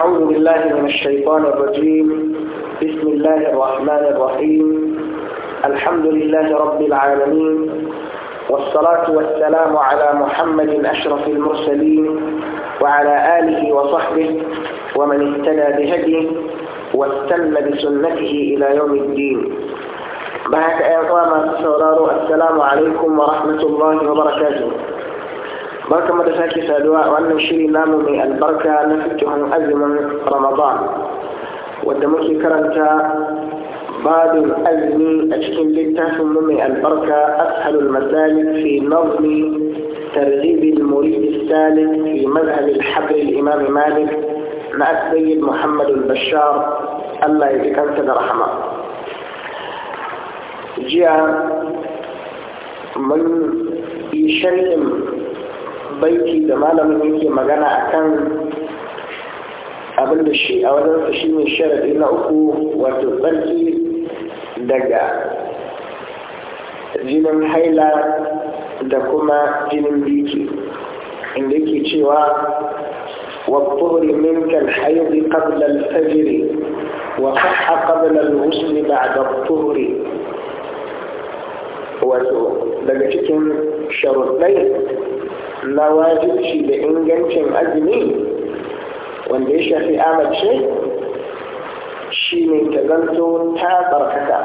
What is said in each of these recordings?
أعوذ بالله من الشيطان الرجيم بسم الله الرحمن الرحيم الحمد لله رب العالمين والصلاة والسلام على محمد أشرف المرسلين وعلى آله وصحبه ومن اهتدى بهديه واستنى بسنته إلى يوم الدين بعد أيضا السلام عليكم ورحمة الله وبركاته barka mu da sake saduwa a wannan shiri namu mai albarka na fitihun azumin ramadan wadda muke karanta babin azumi a cikin littafin mu mai albarka ashalul masalik fi nazmi targhib al murid al fi madhhab al habr al imam malik na as-sayyid muhammad al bashar Allah ya ji kansa da rahama jiya mun yi sharhin baiti da malamin yake magana akan abin da shi a wajensa shi ne sharadi na uku wato tsarki daga jinin haila da kuma jinin biki inda yake cewa والطهر منك الحيض قبل الفجر kablal قبل ba بعد الطهر wato daga cikin sharuɗai na wajibci da ingancin azumi wanda ya shafi amace shi ne ta zanto ta tsarkaka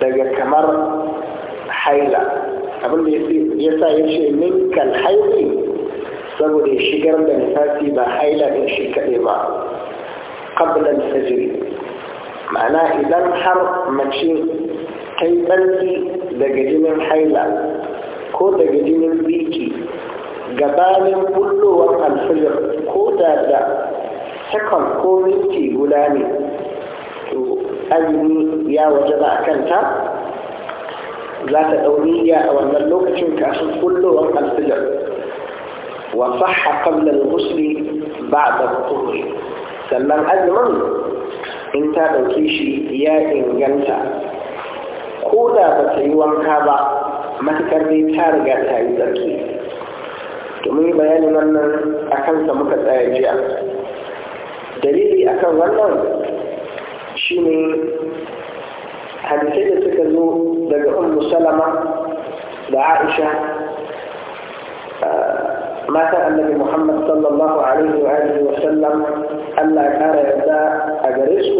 daga kamar haila abinda ya sa ya ce minkan haili saboda shigar da nifasi ba haila ɗin shi kaɗai ba ƙablan sajiri ma'ana idan har mace ta yi daga jinin haila ko daga jinin biki gabanin bullowar alfajir ko da da sakon ko minti guda ne to azumi ya waje ba a kanta za ta ɗauri ya a wannan lokacin kasu bullowar alfajir wa sahha qabla al-ghusl ba'da al sannan azumin in ta ɗauki shi ya inganta ko da ba ta yi wanka ba matukar dai ta riga ta yi tsarki bayanin wannan a kansa muka tsaya jiya dalili a kan wannan shi ne hadisai da suka zo daga ummu salama da aisha ah, matan annabi muhammad sallallahu alaihi wa alihi wa sallam allah kara yarda a gare su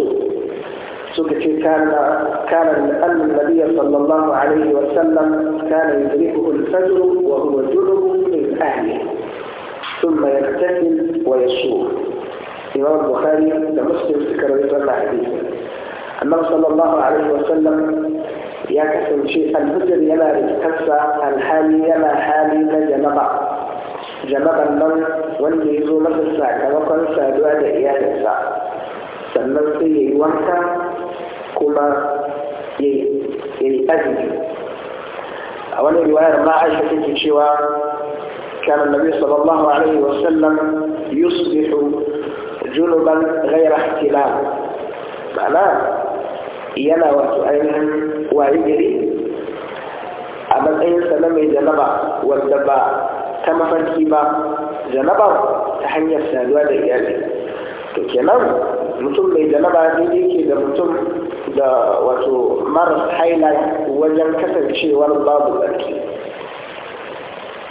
suka ce kana annan nabiya sallallahu alaihi wa sallam kana yudrikuhu al-fajr wa huwa junubun min ahlihi ثم يبتسم ويشوف إمام البخاري لمسلم ذكر ذكرنا حديثا أنه صلى الله عليه وسلم يا كسم شيء البدر يما رزقسى الحالي يما حالي نجمع جمع النوم والميزو مدرسة كما قال سادوا لإياه لسا سنلقي يوحكا كما يأذي أولا يوحكا ما عشت في شواء كان النبي صلى الله عليه وسلم يصبح جنبا غير احتلال معنى ينا وتؤين وعجري أبن أي سلم جنبا والدبا كما فنكيبا جنبا تحني السادوة لإيالي يعني. تكلم متم بي جنبا جديك إذا متم دا وتمر حيلا وجن كثب شيء ورد بعض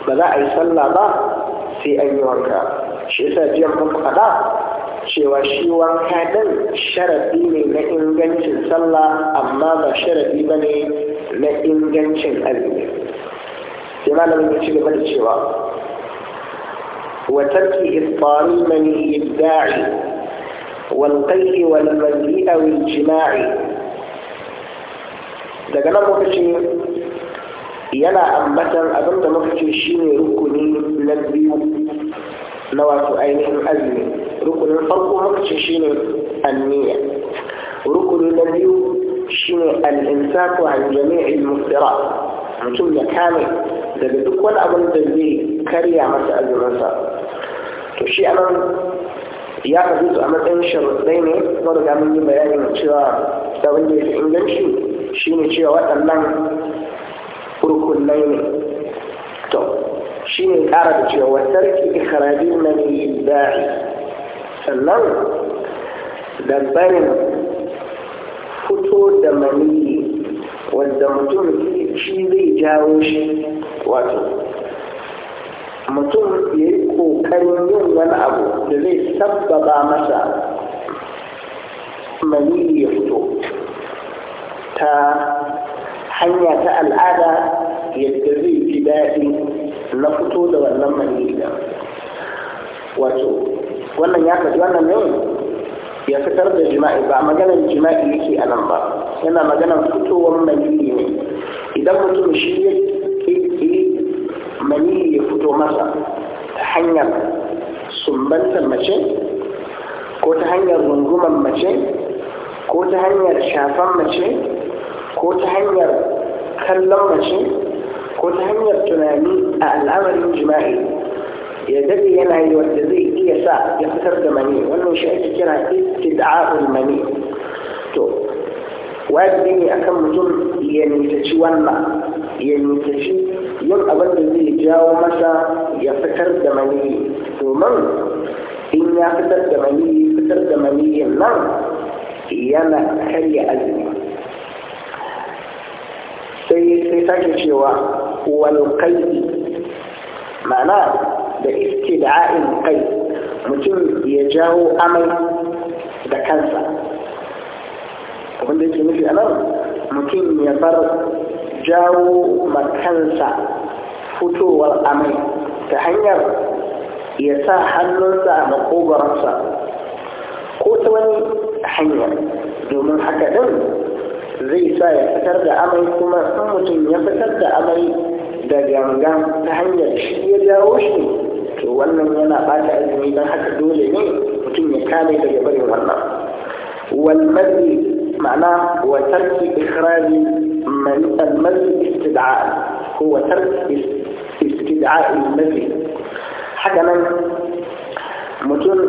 ba za a yi sallah ba sai an yi wanka shi yasa jiya mun faɗa cewa shi wanka ɗin sharaɗi ne na ingancin sallah amma ba sharaɗi ba ne na ingancin azumi sai malamin ya ci gaba da cewa وترك إفطار المني الداعي والقيء والمليء jima'i? daga nan muka ce yana ambatar da muka ce shi ne rukuni na biyu na wato ainihin azumi rukunin farko muka ce shi ne anniya rukuni na biyu shine al-insaku an jami'il muftira mutum ya kame daga duk wani abin da zai karya masa azuminsa to shi anan ya faɗi su a matsayin sharuɗai ne mun riga mun yi bayanin cewa da wanda ya fi inganci shine cewa waɗannan شيني أرد جوترك إخراج من الإباح فلن دبين فتو دمني والدمتون في شيني جاوش واتو متون يكو كريم من أبو لذي سبب مسا مني يفتو تا حنية الأذى يدري في باقي na fito da wannan mani da wato wannan ya kaji wannan ne ya fitar da jima'i ba maganar jima'i yake a nan ba yana maganar fitowar maniyi ne idan mutum shi ya ƙi maniyi ya fito masa ta hanyar sumbantar mace ko ta hanyar rungumar mace ko ta hanyar shafan mace ko ta hanyar kallon mace ko ta hanyar tunani a al'amarin jima'i ya daɗe yana yi wanda zai iya sa ya fitar da mani wannan shi ake kira istid'a'ul mani to wajibi ne akan mutum ya nisaci wannan ya nisaci yin abin da zai jawo masa ya fitar da mani domin in ya fitar da mani fitar da yana karya azumi sai sai sake cewa wal ma'ana da istida'in kai mutum ya jawo amai da kansa Wanda da yake nufi a nan mutum ya bar jawo makansa fitowar amai ta hanyar ya sa hannunsa a makogaransa ko ta wani hanyar. domin haka ɗin zai sa ya fitar da amai kuma mutum ya fitar da amai daga ga ta hanyar shi ya jawo shi to wannan yana bata azumi don haka dole ne mutum ya kame daga barin wannan والمذي معناه هو ترك إخراج من المذي استدعاء هو ترك استدعاء المذي حكما mutum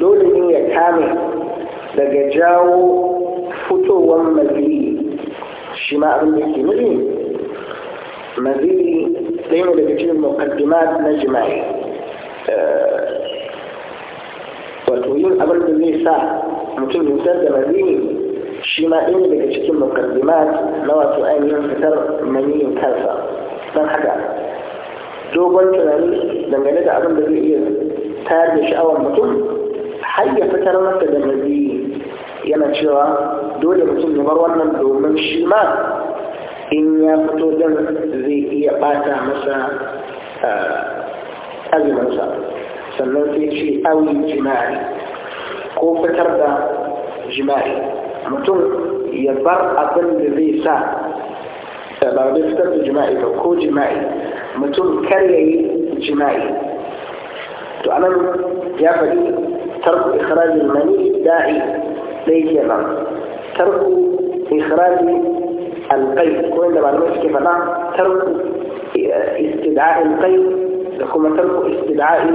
dole ne ya kame daga jawo fitowar mazi shi ma abin da ke nufi mazidi ɗaya ne daga cikin muqaddimat na jima'i wato yin abin da zai sa mutum fitar da mazini shi ma ɗaya daga cikin muqaddimat na wato ainihin fitar maniyin kansa don haka dogon tunani dangane da abin da zai iya tayar da sha'awar mutum har ya fitar masa da mazini yana cewa dole mutum ya bar wannan domin shi ma in ya fito don zai iya bata masa azumansa sannan sai ce awi jima'i ko fitar da jima'i mutum ya bar abin da zai sa da ba da fitar da jima'i ba ko jima'i mutum kar ya yi jima'i to anan ya faɗi tarku ikhrajin mani da'i ɗaya kenan tarku ikhrajin القيد كل ده معلومة كيف أنا ترك استدعاء القيد لكم ترك استدعاء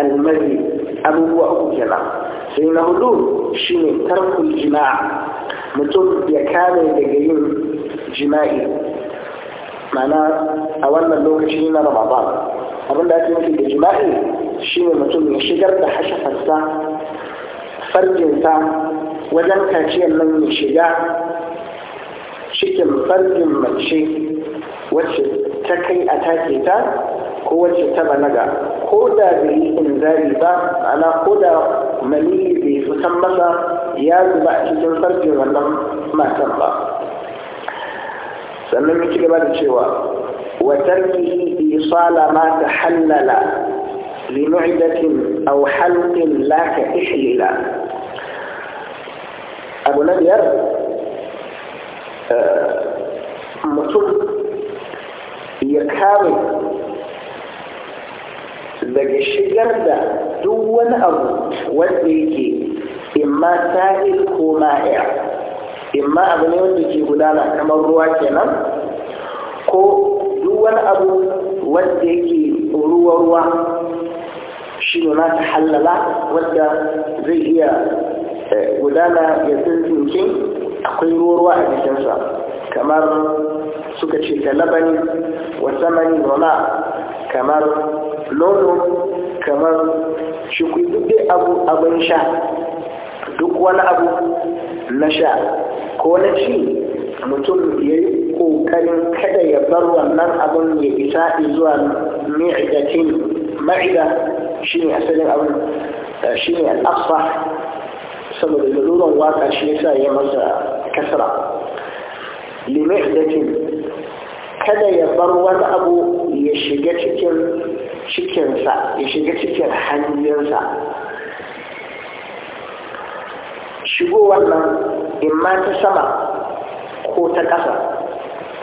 المذي أبو وأبو جماعة فإن هدول شيني ترك الجماع متوب يكامل دقيقين جماعي معناه أولا لوكشي هنا رمضان abin da ake nufi da jima'i shine mutum ya shigar da hashafarsa farjinsa wajen kaciyar cikin farjin mace wacce ta kai a take ta ko wacce ta balaga ko da bai yi zari ba ana ko da maniyi bai fitan masa ya zuba a cikin farjin wannan matan ba sannan muke gaba da cewa wa yi isala ma ta hallala limu'idatin aw halqin la ka ihlila abu na biyar mutum ya kare daga shigar da duk wani abu wanda yake imma sa'il ko ma'aya imma abu ne wanda ke gudana kamar ruwa kenan ko duk wani abu wanda yake ruwa-ruwa shi ne na ta hallala wanda zai iya eh, gudana ya tsinsinkin akwai ruwa a jikinsa kamar suka ce talabani wa samani wa ma kamar nono kamar shukui duk dai abu abin sha duk wani abu na sha ko na ci mutum ya yi ƙoƙarin kada ya bar wannan abin ya isa zuwa ma'idatin ma'ida shi ne asalin abin shi ne al'afsa saboda laluran waka shi yasa ya masa kasra limihdatin kada ya bar wani abu ya shiga cikin cikinsa ya shiga cikin hanyarsa. shigo wannan imma ta sama ko ta ƙasa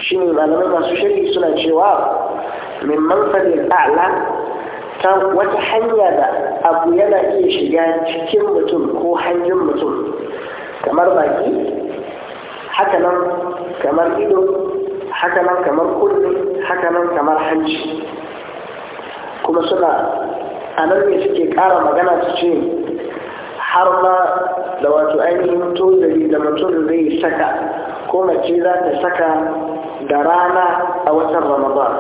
shi ne malamai masu shirki suna cewa min da a'la ta wata hanya da abu yana iya shiga cikin mutum ko hanyar mutum kamar baki hakanan kamar ido hakanan kamar kunne hakanan kamar hanci kuma suna a nan ne suke ƙara magana su ce har ma da wato ainihin tozari da mutum zai saka ko mace za ta saka da rana a watan ramadan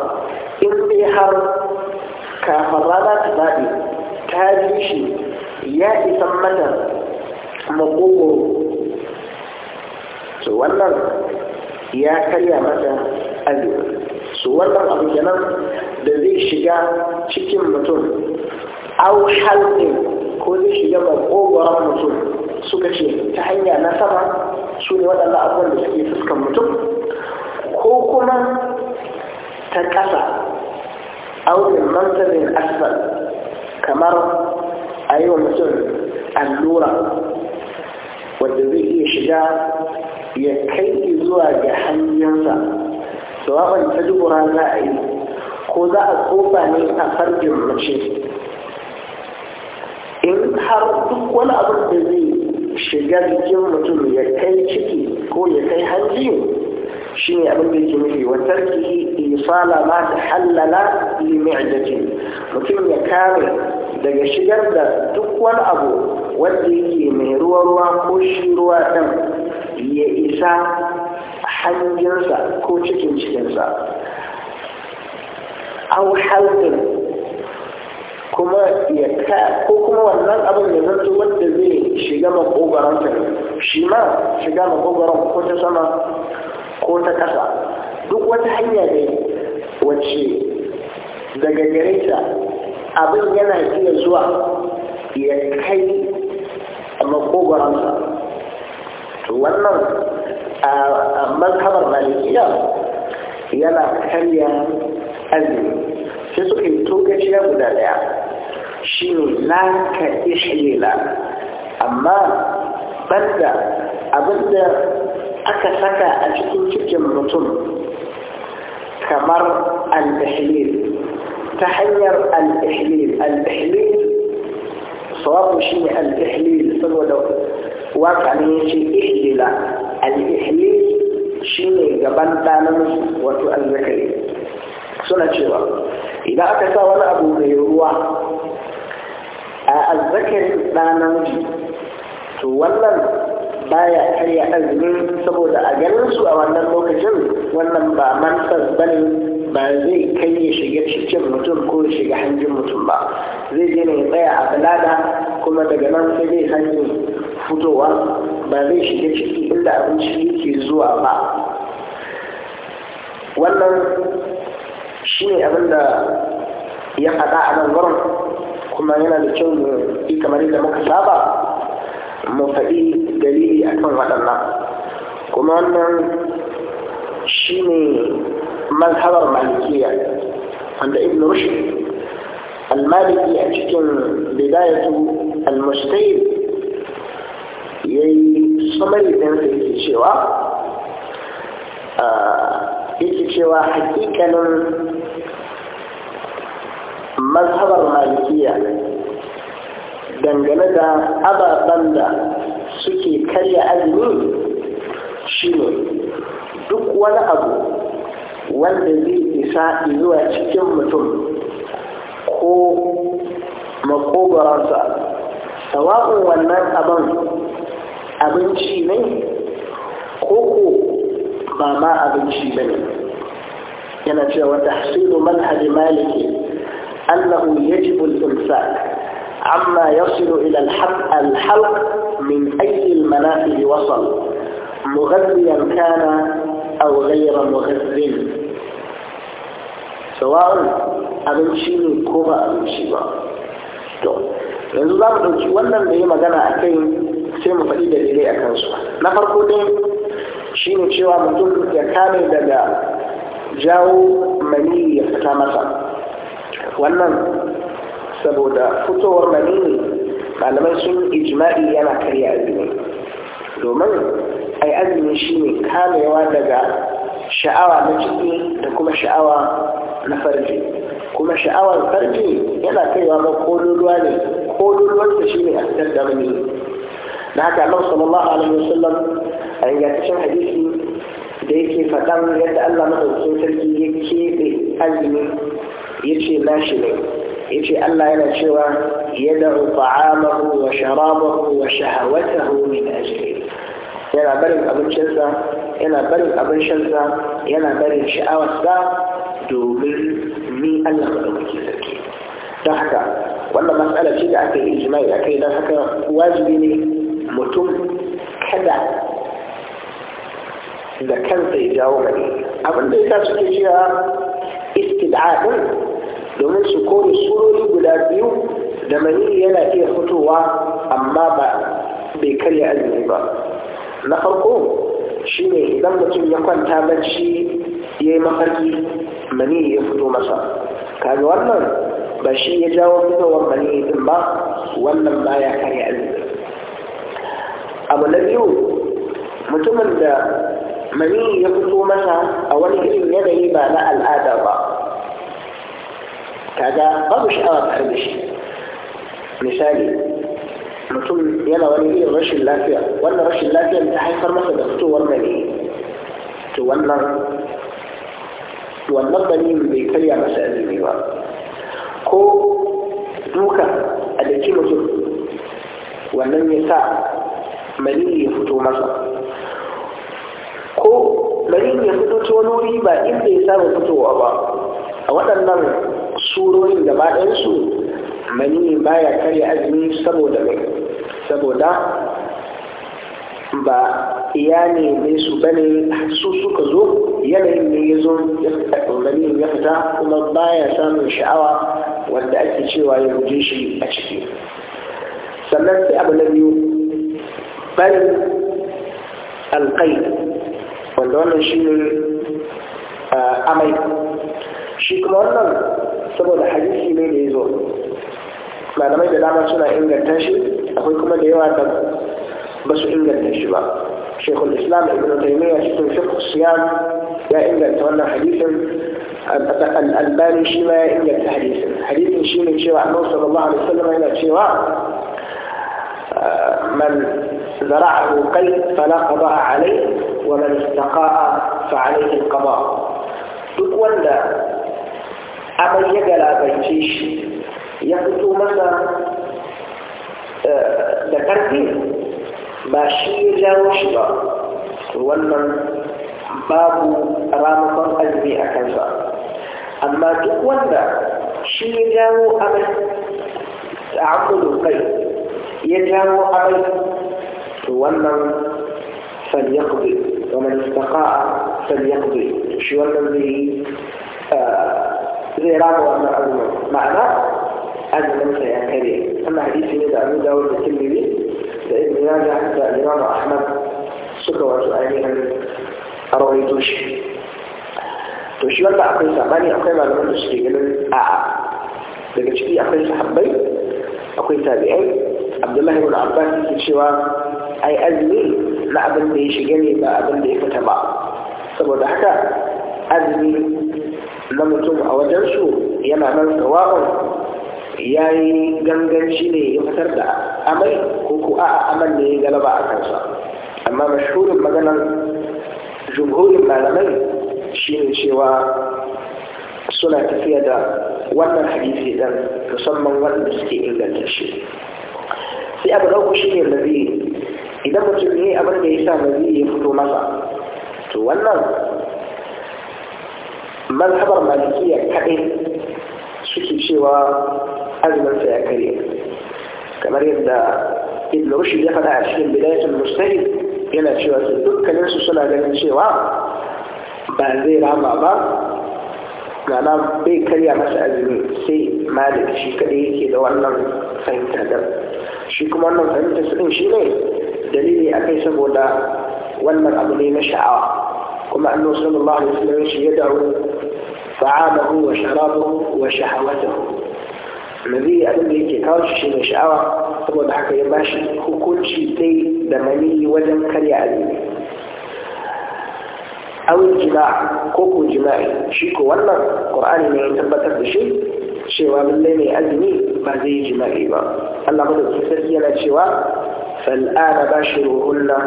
in dai har kafin rana ta daɗe ta shi ya isan mata makogoro su wannan ya karya mata arewa su wannan abu kenan da zai shiga cikin mutum au halɗe ko zai shiga makogoron mutum suka ce ta hanya na sama su ne waɗanda abubuwan da suke fuskan mutum ko kuma ta ƙasa أو من منصب أسفل كمر أيوة mutum allura, wanda zai iya shiga ya kai zuwa ga hanyarsa jawaban ta dubura za a yi ko za a tsofa ne a farjin mace in har duk wani abun da zai shiga jikin mutum ya kai ciki ko ya kai hanji شيني أمدي جميلي وتركه إيصال ما تحلل لمعدتي وكما يكامل دقى شجر دا تقوى الأبو وديه مهروا الله كوشي روا دم يئسا حنجنسا كوشي كنشنسا أو حلقن كما يكا كما والنال أبو يزد ودى ذي شجام الغوغران شما شجام الغوغران كوشي سما ko ta ƙasa duk wata hanya ne wacce daga gare abin yana iya zuwa ya kai makogoransa to wannan a mazhabar malikiya yana karya azumi sai suka yi tokaciya guda daya shi ne laka ihlila amma banda abinda aka saka a cikin cikin mutum kamar al-ihlil ta hanyar al-ihlil al-ihlil sawabu shi ne al-ihlil saboda waka ne ya ce ihlila al-ihlil shi ne gaban ɗanan wato al-zakari suna cewa idan aka sa wani abu mai ruwa a al zakari ɗanan to wannan baya karya azumi saboda a ganin su a wannan lokacin wannan ba manfas bane ba zai kai ya shiga cikin mutum ko ya shiga hanjin mutum ba zai je ne tsaya a balada kuma daga nan sai zai hanyar fitowa ba zai shiga ciki inda abinci yake zuwa ba wannan shi ne abin da ya faɗa a nan kuma yana da kyau mu yi kamar yadda muka saba mu faɗi dalili akan waɗannan kuma wannan shi ne mazhabar malikiya wanda ibn rushd al-maliki a cikin bidayatu al-mustahid yayi samari din sa yake cewa yake cewa hakikanin mazhabar malikiya dangane da ababen da suke karya azumi ne, duk wani abu wanda zai isa zuwa cikin mutum ko makogoransa sawa'un wannan abin abinci ne ko ko ba ma abinci ba ne yana cewa hasidu manhaji maliki annahu yajibul al-imsak عما يصل إلى الحلق من أي المنافذ وصل مغذيا كان أو غير مغذ سواء abinci ne ko ba abinci ba to yanzu za mu ɗauki wannan da ya magana a kai sai mu faɗi dalilai a kansu na farko dai shi ne cewa mutum ya kame daga jawo mani ya fita masa wannan saboda fitowar manini malamai sun ijma'i yana karya azumi domin ai azumi shi ne kamewa daga sha'awa na ciki da kuma sha'awa na farji kuma sha'awar farji yana kaiwa ga kololuwa ne shi ne a fitar da mani na haka nan sallallahu alaihi wasallam a ingantaccen hadisi da yake faɗan yadda Allah madaukakin sarki ya keɓe azumi ya ce na shi ne yace Allah yana cewa yad'u ta'amahu wa sharabahu wa shahawatahu min ajli yana barin abincinsa yana barin abin shansa yana barin sha'awarsa domin ni Allah madaukaki sarki don haka wannan matsala ce da aka yi jima'i a kai don haka wajibi ne mutum kada da kansa ya jawo Abin da ya sa suke cewa istida'adin domin su koyi surori guda biyu da mani yana iya fitowa amma ba bai karya azumi ba na farko shine idan mutum ya kwanta bacci ya yi mafarki mani ya fito masa kaga wannan ba shi ya jawo fitowar mani din ba wannan ba ya karya azumi abu na biyu mutumin da mani ya fito masa a wani irin yanayi ba na al'ada ba kaga babu sha'awa tare da shi misali mutum yana wani irin rashin lafiya wannan rashin lafiyar ta haifar masa da fitowar gani, to wannan wannan bani bai karya masa azumi ba ko duka a daki mutum wannan ya sa mani ya fito masa ko mani ya fito ta wani wuri ba inda ya samu fitowa ba a waɗannan surorin gaba ɗansu mani baya karya azumi saboda mai saboda ba iya ne mai su bane su suka zo yanayin ne ya zo mani ya fita kuma baya samun sha'awa wanda ake cewa ya guje shi a ciki sannan sai abu na biyu bari alƙai wanda wannan shi ne amai shi kuma wannan saboda hadisi ne da ya zo malamai da dama suna inganta shi akwai kuma da yawa da ba su inganta shi ba shekul islam ibn taimiyya cikin fiqh siyam ya inganta wannan hadisin albani shi ma ya inganta hadisin hadisin shi ne cewa annabi sallallahu alaihi wasallam yana cewa man زرعه قيد فلا قضاء عليه ومن استقاء فعليه القضاء duk wanda amai ya galabance shi ya fito masa da karfi ba shi ya jawo shi ba wannan babu ramakon azumi a kansa amma duk wanda shi ya jawo amai da akwado kai ya jawo amai to wannan istaka ومن استقاء فليقضي شو الذي zai rama wannan azumin ma'ana azumin sa ya kare wannan hadisi ne da abu dawud da tirmidhi da ibn majah da imam ahmad suka wasu ainihin rawaito shi to shi wanda akwai sabani akwai malaman da suke ganin a'a daga ciki akwai sahabbai akwai tabi'ai abdullahi ibn abbas yake cewa ai azumi na abin da ya shige ne ba abin da ya fita ba saboda haka azumi na mutum a wajen su yana nan tsawon ya yi ganganci ne ya fitar da amai ko ko a aman ne ya galaba a kansa amma mashhurin maganar jumhurin malamai shi ne cewa suna tafiya da wannan hadisi dan musamman wanda suke inganta shi sai abu ɗauku shi ne idan mutum ne abin da ya sa naziri ya fito masa to wannan mazhabar malikiya kaɗai suke cewa azuminsa ya karye kamar yadda ibn rushd ya faɗa a cikin bidayatul mustahid yana cewa su dukkaninsu suna ganin cewa ba zai rama ba gana bai karya masa azumi sai malik shi kaɗai yake da wannan fahimta da shi kuma wannan fahimta su ɗin shi ne dalili a kai saboda wannan abu ne na sha'awa kuma annabi sallallahu alaihi wasallam shi ya dawo طعامه وشرابه وشهوته nabi abin da yake kawo shi shine sha'awa saboda haka ya bashi hukunci dai da mani wajen karya azumi awin jima'a ko ko jima'i shi ko wannan qur'ani ne ya tabbatar da shi cewa lallai mai azumi ba zai yi jima'i ba Allah madaukakin sarki yana cewa fal'ana bashiruhunna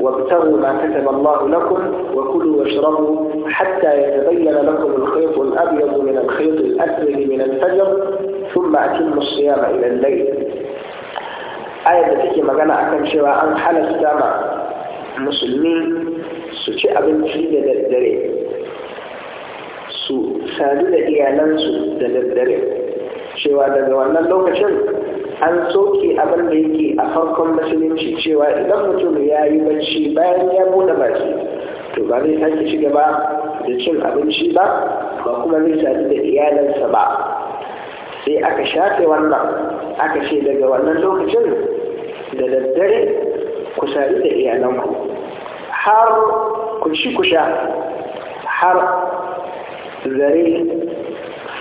وابتغوا ما كتب الله لكم وكلوا واشربوا حتى يتبين لكم الخيط الأبيض من الخيط الأسود من الفجر ثم أتموا الصيام إلى الليل آية تكي مجانا أكن شوى أن حال السامة مسلمين سوشي أبن شيء دردري سو sadu da سو da daddare cewa daga wannan lokacin an soke abin da yake a farkon musulunci cewa idan mutum ya yi bacci bayan ya bude baki to ba zai sake ci gaba da cin abinci ba ba kuma zai sadu da iyalansa ba sai aka shafe wannan aka ce daga wannan lokacin da daddare ku sadu da iyalanku har ku ci ku sha har zare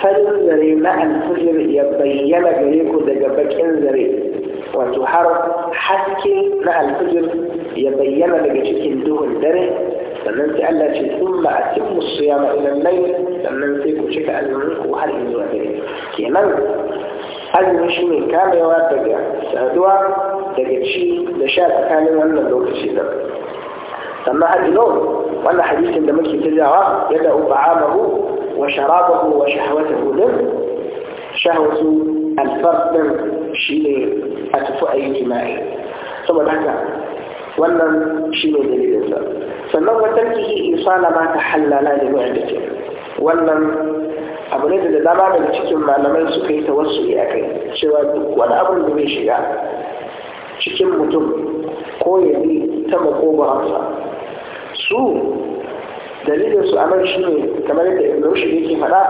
farin zare na alfijir ya bayyana gare ku daga bakin zare wato har haske na alfijir ya bayyana daga cikin duhun dare sannan sai Allah ce sun ba a cin musu ya ma'ilan lai sannan sai ku cika azumin ku har in zuwa dare kenan azumi shi ne kamewa daga saduwa daga ci da sha tsakanin wannan lokaci da sannan har wannan hadisin da muke kirjawa ya da'u ba'amahu wa sharabahu wa shahawatahu din shahawatu alfar din shi ne a tafi a yi jima'i saboda haka wannan shi ne dalilinsa sannan wata kihi isala ma ta hallala da mu'addatin wannan abu ne da dama daga cikin malamai suka yi tawassuli a kai cewa duk wani abu da shiga cikin mutum ko ya bi ta makogoransa su dalilin su anan shi ne kamar yadda ibn rushd yake faɗa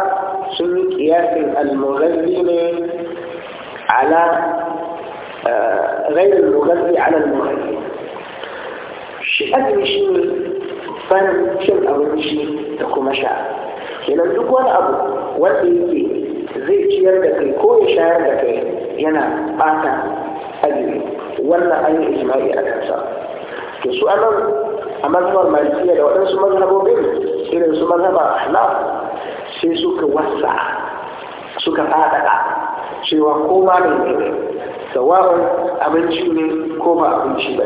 sun yi kiyasin al-mughazzi ne ala ghayr al-mughazzi ala al-mughazzi shi azumi shi ne bayan cin abinci da kuma sha kenan duk wani abu wanda yake zai ciyar da kai ko ya shayar da kai yana ɓata azumi wannan an yi ijma'i a kansa to su anan a mazhabar malikiya da waɗansu mazhabobin irin su mazhabar ahnaf sai suka wasa suka faɗaɗa cewa ko ma ne sawa'un abinci ne ko ba abinci ba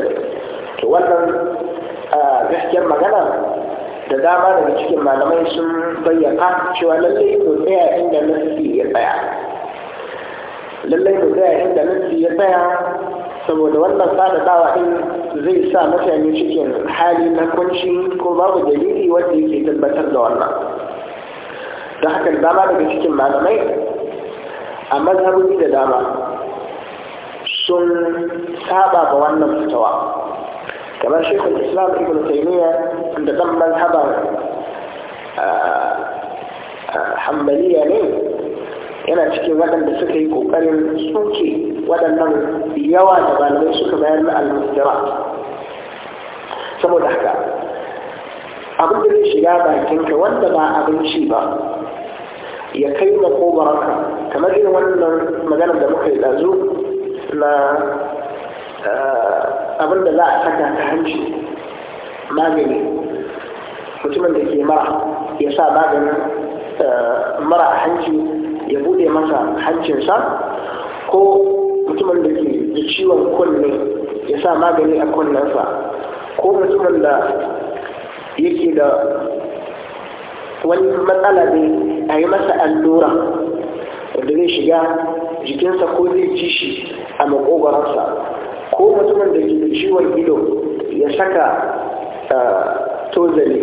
to wannan gaskiyar magana da dama daga cikin malamai sun bayyana cewa lallai mu tsaya inda nasi ya tsaya lallai mu tsaya inda nasi ya tsaya saboda wannan sada dawa din sa mutane cikin hali na kunci ko babu dalili wanda yake tabbatar da wannan da haka da dama daga cikin malamai a mazhabi da dama sun saba ga wannan fitawa kamar shekul islam ibn taymiya da dan mazhaban hambaliya ne yana cikin waɗanda suka yi ƙoƙarin suke waɗannan yawa da malamai suka bayar na almustira saboda haka abin da zai shiga bakinka wanda ba abinci ba ya kai makobaranka kamar yin wannan maganar da muka yi ɗazu na eh, abin da za a saka ta hanci magani mutumin da ke mara ya sa maganin eh, mara a hanci ya bude masa hancinsa ko mutumin da ke da ciwon kunne ya sa magani a kunnensa ko mutumin da yake da wani matsala ne a yi masa allura wanda zai shiga jikinsa ko zai ci shi a makogararsa ko mutumin da ke da ciwon ido ya saka tozali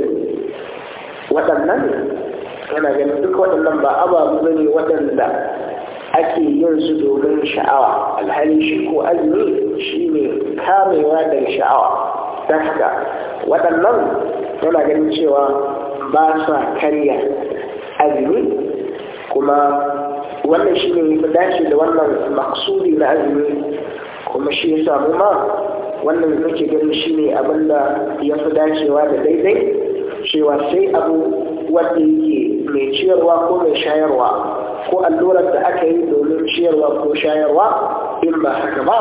waɗannan yana ganin duk waɗannan ba ababu ne waɗanda ake yin su domin sha'awa alhali shi ko azumi shi ne kamewa daga sha'awa dafka waɗannan yana ganin cewa ba sa karya azumi kuma wannan shi ne ya dace da wannan maksudi na azumi kuma shi ya samu ma wannan ke ganin shi ne abinda ya fi dacewa da daidai cewa sai abu wanda yake mai ciyarwa ko mai shayarwa ko allurar da aka yi domin ciyarwa ko shayarwa in ba haka ba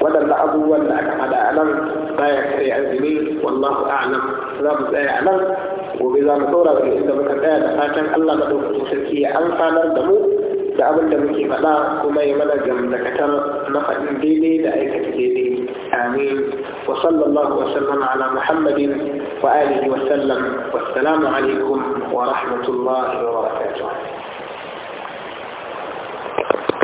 waɗanda abubuwan da aka faɗa a nan لا يعزمين والله أعلم رب لا يعلم وبإذا مطورة بإذا مكتانا فاتن الله مدوك تسلكي ألفا نردمو da abin da muke faɗa kuma yi mana gamdakatar na faɗin daidai da aikata daidai amin wa sallallahu wa sallam ala muhammadin wa alihi wa sallam wassalamu alaikum wa rahmatullahi wa barakatuh